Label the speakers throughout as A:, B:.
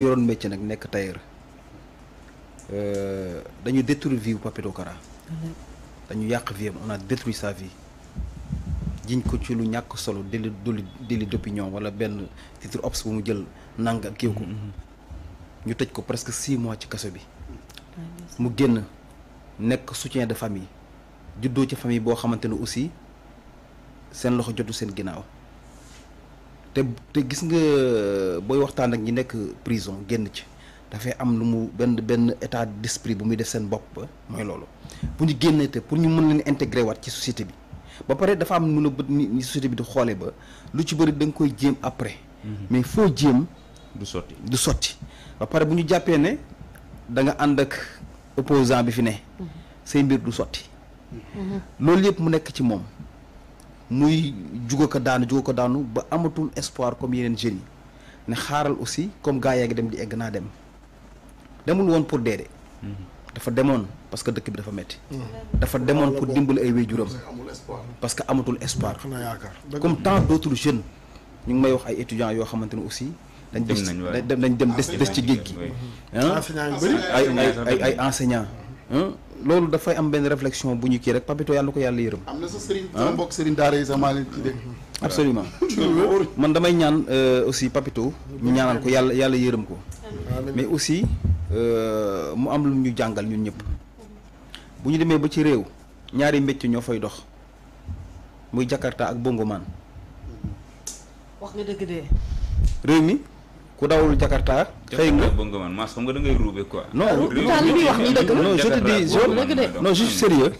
A: yoroon métier nag nekk tailleur euh, dañu détruire vie bu Papito dañu yàq vie on a détruit sa vie jiñ ko ci lu ñàkk solo délit duli wala benn titre obs bu mu jël nang ak kéeku mm-hmm. ñu tëj ko presque six mois ci kaso bi ah, mu génn nekk soutien de famille juddoo ci famille boo xamante ne aussi seen loxo jotu seen ginnaaw te gis nga euh, booy waxtaan ak ñi nekk prison génn ci dafay am lu mu benn benn état d'esprit bu muy def seen bopp ba mooy loolu bu ñu génnee te pour ñu mën leen intégrer waat ci société bi ba pare dafa am mën a bët ni société bi du xoolee ba lu ci bëri danga koy jéem après mhm. mais foo jéem du sotti du sotti ba pare bu ñu jàppee ne da nga ànd ak opposant bi fi ne mhm. say mbir du sotti mhm. loolu yëpp mu nekk ci moom muy jugo ko daanu jugo ko daanu ba amatul espoir comme yeneen jeunes ne xaaral aussi comme gaa yaa ngi dem di egg naa dem demul woon pour dee mhm. dafa demoon parce que dëkk bi dafa metti mhm. dafa demoon pour dimbali ay waajuram parce que amatul espoir comme temps d'autres jeunes ñu ngi may wax ay étudiants yoo xamante ne aussi dañ des dañ dem des des ci géej gi ah? ay ay ay enseignants ah? loolu dafay am benn réflexion bu ñu kii rek papito yàlla ko yàlla yërëm. am na sa sëriñ ah? sama mbokk sëriñ daara yi sama leen absolument man damay ñaan euh, aussi papito ñu ñaanal ko yàlla yàlla yërëm ko. mais aussi euh, mu am lu ñu jàngal ñun ñëpp. bu ñu demee ba ci réew ñaari mbécc ñoo fay dox muy Jakarta ak Bongo maan réew mi. ku dawul Jakarta xëy nga maas da ngay ruube quoi. non li muy wax nii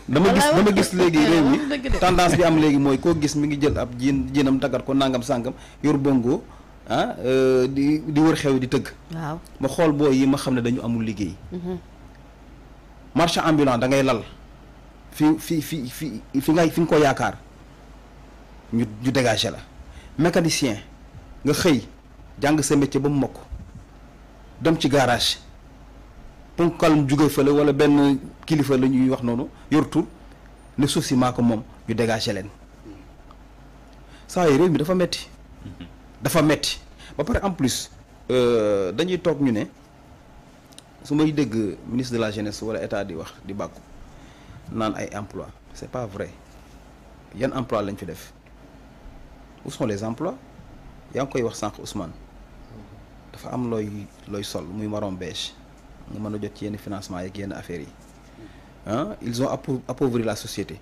A: dama gis dama gis léegi réew mi tendance bi am léegi mooy koo gis mu ngi jël ab jiin jiinam taggat ko nangam sàngam yor bongo ah euh, di wër xew di tëgg. ma xool boo yi ma xam ne dañu amul liggéey. Mm-hmm. marchand ambulant da lal fi fi fi fi fi nga ko yaakaar ñu ñu la mécanicien nga xëy. jàng sa métier ba mu mokk dem ci garage punkal jóge fële wala benn kilifa la ñuy wax noonu yor ne suuf maa ko moom ñu dégagé leen saa yi réew mi dafa metti dafa metti ba pare en plus euh, dañuy toog ñu ne su may dégg ministre de la jeunesse wala état di wax di bàkku naan ay emploi c'est pas vrai yan emploi lañ fi def où sont les emplois yaa ngi koy wax sànq Ousmane dafa am looy looy sol muy marron beige mu mën a jot ci yenn financement yeeg yenn affaires yi ah ils ont appauvri la société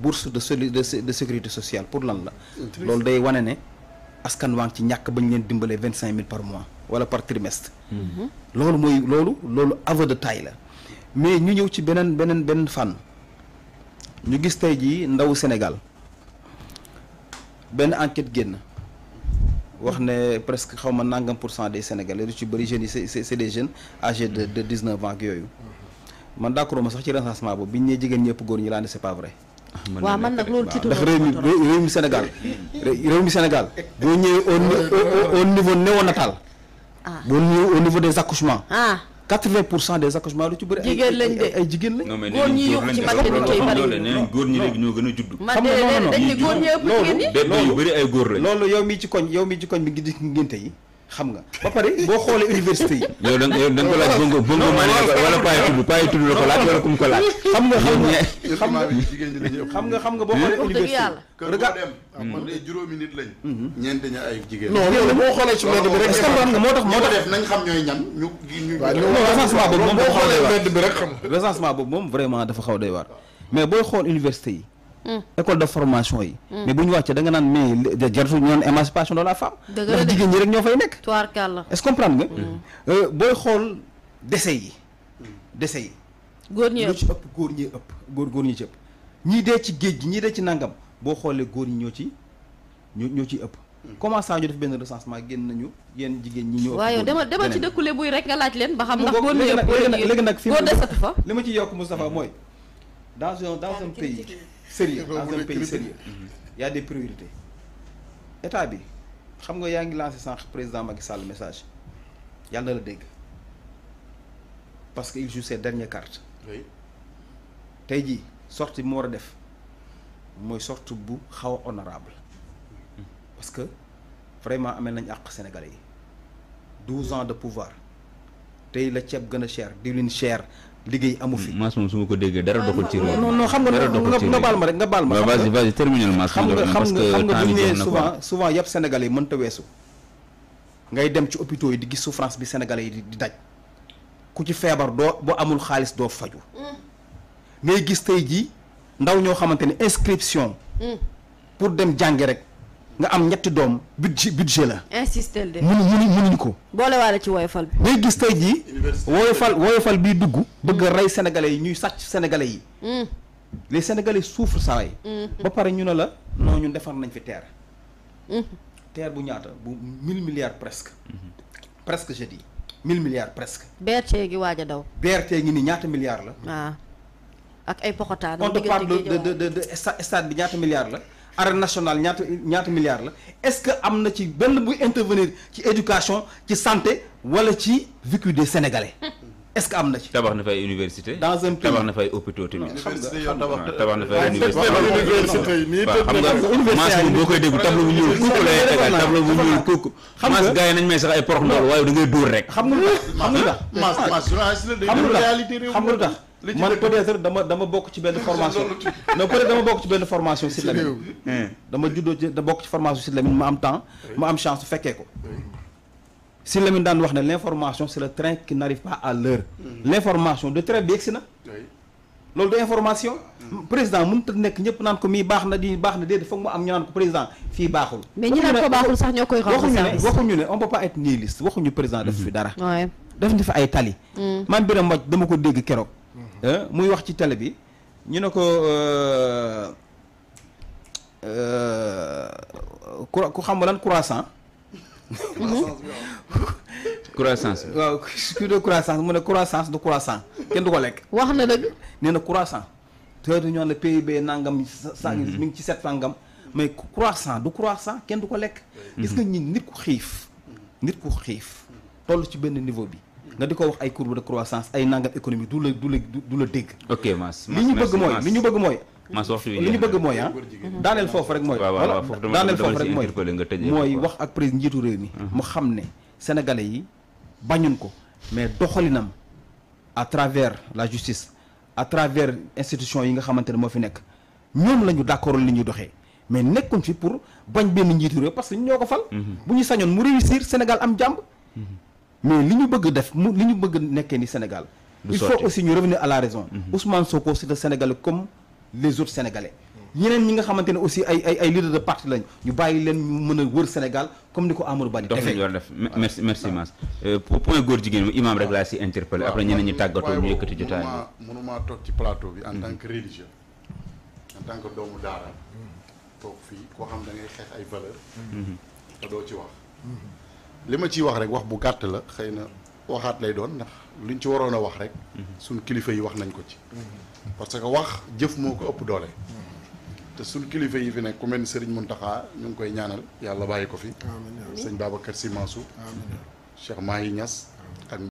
A: bourse de soli de sécurité sociale pour lan la. loolu day wane ne askan ci ñàkk ba ñu leen dimbalee vingt cinq mille par mois wala par trimestre. Mhm. loolu mooy loolu loolu aveu de taille la mais ñu ñëw ci beneen beneen beneen fànn ñu gis tey jii ndawu Sénégal benn enquête génn. wax ne presque xaw ma nangam pour cent des sénégalais lu ci bari jeunes yi c'est c'est des jeunes de dix neuf ans ak yooyu. man d'accord ma sax ci recensement boobu biñ ne jigéen ñëpp góor ñi laa ne c'est pas vrai. waaw man nag loolu tiitu ndax réew mi réew mi Sénégal réew mi Sénégal boo ñëwee au niveau néonatal. ah boo ñëwee au niveau des accouchements. Ah. 80 pour cent des accouchements lu ci bëri. jigéen lañ de ay jigéen lañ. non mais góor ñi yokk ci maternité yi bari nañ góor ñi léegi ñoo gën a judd. xam nga non non non jigéen ñi. loolu yu bëri ay góor lañ. loolu yow mii ci koñ yow mii ci koñ bi ngi di ngénte yi xam nga ba pare boo xoolee université yi. yow da nga ko laaj wala paay tudd paay tudd la ko laaj wala ku mu xam nga xam nga xam nga xam nga xam nga boo hmm? xoolee université yi. rega ah, man de juróomi mhm. ay jigéen. non loolu boo xoolee ci mbedd nga moo tax moo tax def nañ xam ñooy ñan ñu. ñu recensement boobu moom vraiment dafa xaw doy waar mais booy xool université yi. école de formation yi. Mm. mais bu ñu wàccee da nga naan mais jaratu ñu naan émancipation de la femme. dëgg jigéen ñi rek ñoo fay nekk. tubaarkàlla est-ce que comprendre mm. euh, booy xool dese yi. Mm. yi. góor ñi ëpp ci ëpp góor ñi ëpp góor góor ñi ci ñii dee ci géej gi ñii dee ci nangam boo xoolee góor ñi ñoo ci ñoo ñoo ciy ëpp. comment ça ñu def jigéen ñi ñoo waaw yow demal demal buy rek nga laaj leen ba xam ndax góor ñi ëpp léegi nag fi góor li ma ci yokk Moustapha mooy dans un dans un pays sérieux dans un pays sérieux y a des priorités état bi xam nga yaa ngi lancé sànq président Macky Sall message yàlla la dégg parce que il joue ses dernières cartes tey jii sorti bi war a def mooy sortie bu xaw a honorable parce que vraiment amee nañ àq sénégalais yi douze ans de pouvoir tey la ceeb gën a cher diwlin cher liggéey amu fi. Mass moom su ma ko déggee dara doxul ci réew. non non xam nga nga baal ma rek nga baal ma. vas-y vas-y terminal Mass. xam nga xam nga xam nga bu souvent souvent yëpp mënta weesu. ngay dem ci hôpitaux yi di gis souffrance bi sénégalais yi di daj ku ci feebar doo boo amul xaalis doo faju mm. ngay gis tey ji ndaw ñoo xamante ne inscription. Mm. pour dem jàngi rek. nga am ñetti doom budget budget la. insister de mënu mu mënuñ ko. boolewaale ci woyofal bi. day gis tey jii. woyofal woyofal biy dugg. bëgg rey sénégalais yi ñuy sàcc sénégalais yi. Mm. les sénégalais suuf sa yi. ba pare ñu ne la non ñun defar nañ fi teer mm. terre bu ñaata bu mille milliards presque. presque je dis mille milliards presque. BRT gi waaj a daw. BRT gi nii ñaata milliards la. waaw ah. ak ay poxotaan. on te de de de stade bi ñaata milliards la. arène nationale ñaata ñaata milliards la est-ce que am na ci benn buy intervenir ci éducation ci santé wala ci vécu des sénégalais est-ce que am na ci. tabax na fay université. tabax na fay hôpitaux université. Ah, xam boo koy déglu tableau bu ñuul kukk lay tegal xam nga maas gars yi nañ may sax ay porox ndool waaye da ngay dóor rek. xam nga lu tax xam nga lu tax. maas maas xam nga lu tax. man peut-être dama bokk ci benn formation non peut-être dama bokk ci benn formation Sidy Lamine dama juddoo ci da bokk ci formation Sidy Lamine ma am temps ma am chance fekkee ko Sidy Lamine daan wax na l'information c'est le train qui n'arrive pas à l'heure hmm. l'information de train bi yegsi na loolu de information hmm. président mënut ñëpp naan ko mii baax na di baax na déedéet foog mu am ñu naan ko président fii baaxul. mais ñi naan ko baaxul sax ñoo koy. waxuñu ne waxuñu ne on peut pas être nihiliste hmm. dara. def na fi ay tali. man Birame Mbodj dama ko dégg keroog. Euh, muy wax ci télé bi ñu ne ko euh, euh, ku xam lan croissant. croissance waaw kii de croissance mu ne croissance du croissant kenn du ko lekk. wax na dëgg. nee na croissant. te ñoo ñu naan PIB nangam. sa mm-hmm. mi ngi ci set sangam. mais croissant du croissant kenn du ko lekk. Mm-hmm. gis nga ñi nit ku xiif. nit ku xiif. toll ci benn niveau bi. nga di ko wax ay courbe de croissance ay nangam économie du la du la du la dégg. li ñu bëgg mooy li ñu bëgg mooy. Mass waxtu bi li ñu bëgg mooy ah, daaneel foofu rek mooy. voilà daaneel foofu rek mooy mooy wax ak président njiitu réew mi. Mhm. mu xam ne sénégalais yi bañuñ ko mais doxalinam à travers la justice à travers institution yi nga xamante ne moo fi nekk ñoom lañu ñu d'accord li ñuy doxee. mais nekkuñ fi pour bañ benn njiitu réew parce que ñoo ko fal. Mhm. bu ñu sañoon mu réussir Sénégal am jàmm. Mhm. mais li ñu bëgg def mu li ñu bëgg nekkee ni Sénégal il faut aussi ñu revenir à la raison mhm. Ousmane Sonko c'est un Sénégalais comme les autres Sénégalais ñeneen ñi nga xamante ne aussi ay ay ay leader de parti lañ ñu bàyyi leen ñu mën a wër Sénégal comme ni ko Amadou Ba di defee dox def merci merci Mass euh, pour point góor jigéen bi imam rek laa si interpellé après ñeneen ñi tàggatoo ñu yëkkati jotaay bi mënumaa tant que religieux en tant mhm. fii koo xam da ngay xeex ay valeur mhm. te ci wax li ma ciy wax rek wax bu gàtt la xëy na waxaat lay doon ndax luñ ci waroon a wax rek. Mhm. suñ kilifa yi wax nañ ko ci. Mhm. parce que wax jëf moo ko ëpp doole. Mhm. te suñ kilifa yi fi nekk ku mel ni Serigne Mountakha ñu ngi koy ñaanal yàlla bàyyi ko fi. amiin sëñ Babacar Sy Mansour. amiin Cheikh Mahi ñas